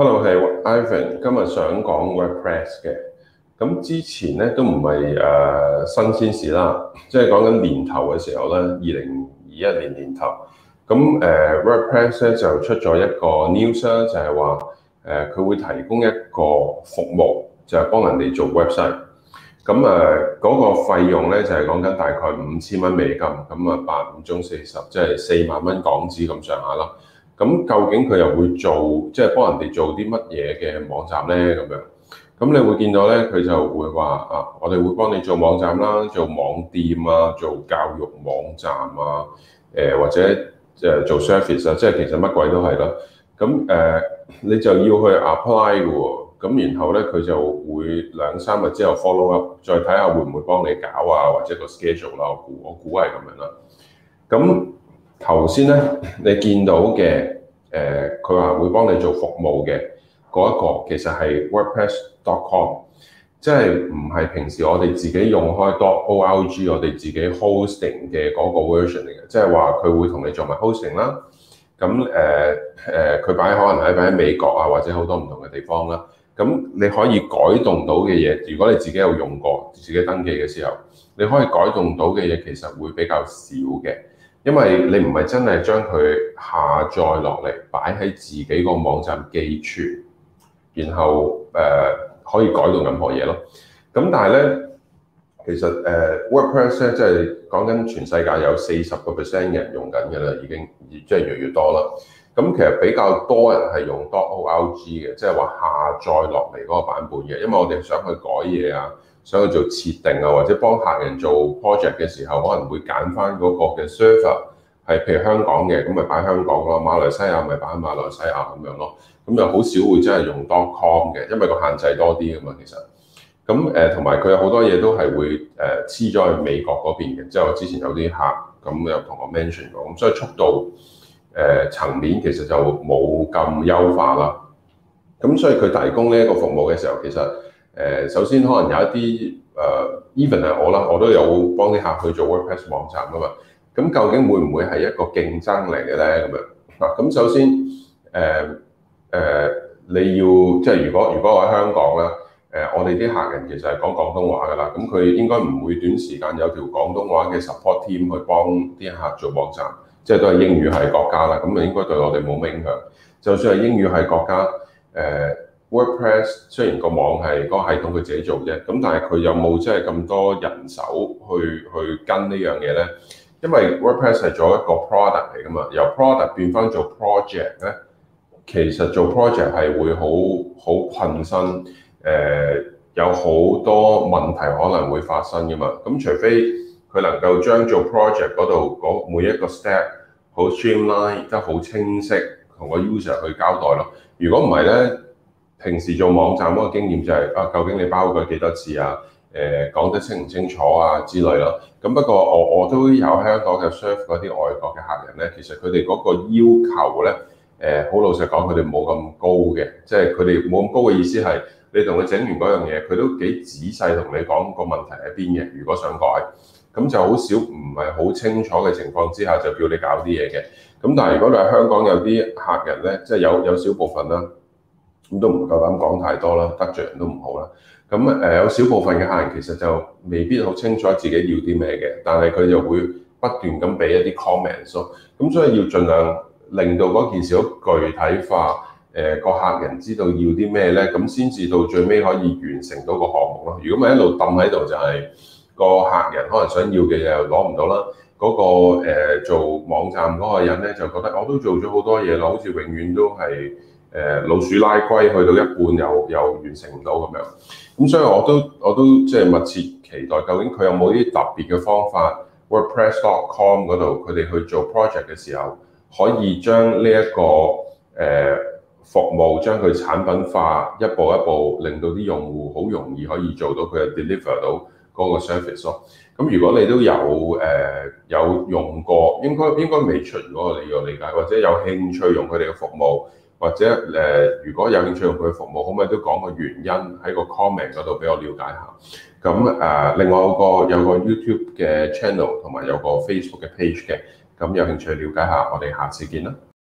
Hello，係 Ivan 今日想講 WordPress 嘅，咁之前咧都唔係誒新鮮事啦，即係講緊年頭嘅時候咧，二零二一年年頭，咁誒、uh, WordPress 咧就出咗一個 news 啦，就係話誒佢會提供一個服務，就係、是、幫人哋做 website，咁誒嗰、uh, 個費用咧就係講緊大概五千蚊美金，咁啊八五中四十，即係四萬蚊港紙咁上下咯。咁究竟佢又會做，即係幫人哋做啲乜嘢嘅網站呢？咁樣，咁你會見到呢，佢就會話啊，我哋會幫你做網站啦，做網店啊，做教育網站啊，誒或者誒做 service 啊，即係其實乜鬼都係啦。咁誒，你就要去 apply 嘅喎。咁然後呢，佢就會兩三日之後 follow up，再睇下會唔會幫你搞啊，或者個 schedule 啦。我估我估係咁樣啦。咁。頭先咧，你見到嘅誒，佢、呃、話會幫你做服務嘅嗰一個，其實係 WordPress.com，即係唔係平時我哋自己用開 .org 我哋自己 hosting 嘅嗰個 version 嚟嘅。即係話佢會同你做埋 hosting 啦。咁誒誒，佢、呃、擺、呃、可能喺喺美國啊，或者好多唔同嘅地方啦。咁你可以改動到嘅嘢，如果你自己有用過，自己登記嘅時候，你可以改動到嘅嘢其實會比較少嘅。因為你唔係真係將佢下載落嚟，擺喺自己個網站寄存，然後、呃、可以改到任何嘢咯。咁但係呢，其實、呃、WordPress 咧，即係講緊全世界有四十個 percent 人用緊㗎啦，已經即係、就是、越嚟越多啦。咁其實比較多人係用 dot org 嘅，即係話下載落嚟嗰個版本嘅，因為我哋想去改嘢啊。想去做設定啊，或者幫客人做 project 嘅時候，可能會揀翻嗰個嘅 server 係譬如香港嘅，咁咪擺香港咯；馬來西亞咪擺馬來西亞咁樣咯。咁又好少會真係用 dotcom 嘅，因為個限制多啲㗎嘛。其實咁誒，同埋佢好多嘢都係會誒黐咗去美國嗰邊嘅。即係我之前有啲客咁又同我 mention 過，咁所以速度誒、呃、層面其實就冇咁優化啦。咁所以佢提供呢一個服務嘅時候，其實誒，首先可能有一啲誒，even 係我啦，我都有幫啲客去做 WordPress 網站㗎嘛。咁究竟會唔會係一個競爭嚟嘅咧？咁樣嗱，咁首先誒誒、呃呃，你要即係如果如果我喺香港啦，誒、呃，我哋啲客人其實係講廣東話㗎喇，咁佢應該唔會短時間有條廣東話嘅 support team 去幫啲客做網站，即係都係英語係國家啦，咁應該對我哋冇咩影響。就算係英語係國家，誒、呃。WordPress 雖然個網係嗰、那個系統佢自己做啫，咁但係佢有冇即係咁多人手去去跟呢樣嘢咧？因為 WordPress 係做一個 product 嚟㗎嘛，由 product 變返做 project 咧，其實做 project 係會好好困身，誒、呃、有好多問題可能會發生㗎嘛。咁除非佢能夠將做 project 嗰度每一個 step 好 streamline，都好清晰同個 user 去交代咯。如果唔係咧，平時做網站嗰個經驗就係、是、啊，究竟你包改幾多次啊？誒，講得清唔清楚啊之類咯。咁不過我我都有喺香港嘅 serve 啲外國嘅客人咧，其實佢哋嗰個要求咧誒，好、欸、老實講，佢哋冇咁高嘅，即係佢哋冇咁高嘅意思係你同佢整完嗰樣嘢，佢都幾仔細同你講個問題喺邊嘅。如果想改，咁就好少唔係好清楚嘅情況之下就叫你搞啲嘢嘅。咁但係如果你喺香港有啲客人咧，即、就、係、是、有有少部分啦。咁都唔夠膽講太多啦，得罪人都唔好啦。咁誒有少部分嘅客人其實就未必好清楚自己要啲咩嘅，但係佢就會不斷咁俾一啲 comments。咁所以要盡量令到嗰件事好具體化，誒、呃、個客人知道要啲咩咧，咁先至到最尾可以完成到個項目咯。如果咪一路揼喺度，就係個客人可能想要嘅嘢又攞唔到啦。嗰、那個、呃、做網站嗰個人咧就覺得我都做咗好多嘢啦，好似永遠都係～誒老鼠拉龜去到一半又又完成唔到咁樣，咁所以我都我都即係密切期待究竟佢有冇啲特別嘅方法？WordPress.com 嗰度佢哋去做 project 嘅時候，可以將呢、這、一個誒、呃、服務將佢產品化，一步一步令到啲用戶好容易可以做到佢係 deliver 到嗰個 service 咯。咁如果你都有誒、呃、有用過，應該應該未出，如果我理解，或者有興趣用佢哋嘅服務。或者、呃、如果有興趣用佢服務，可唔可以都講個原因喺個 comment 嗰度俾我了解一下？咁、呃、另外有個 YouTube 嘅 channel 同埋有個,個 Facebook 嘅 page 嘅，咁有興趣了解一下，我哋下次見啦。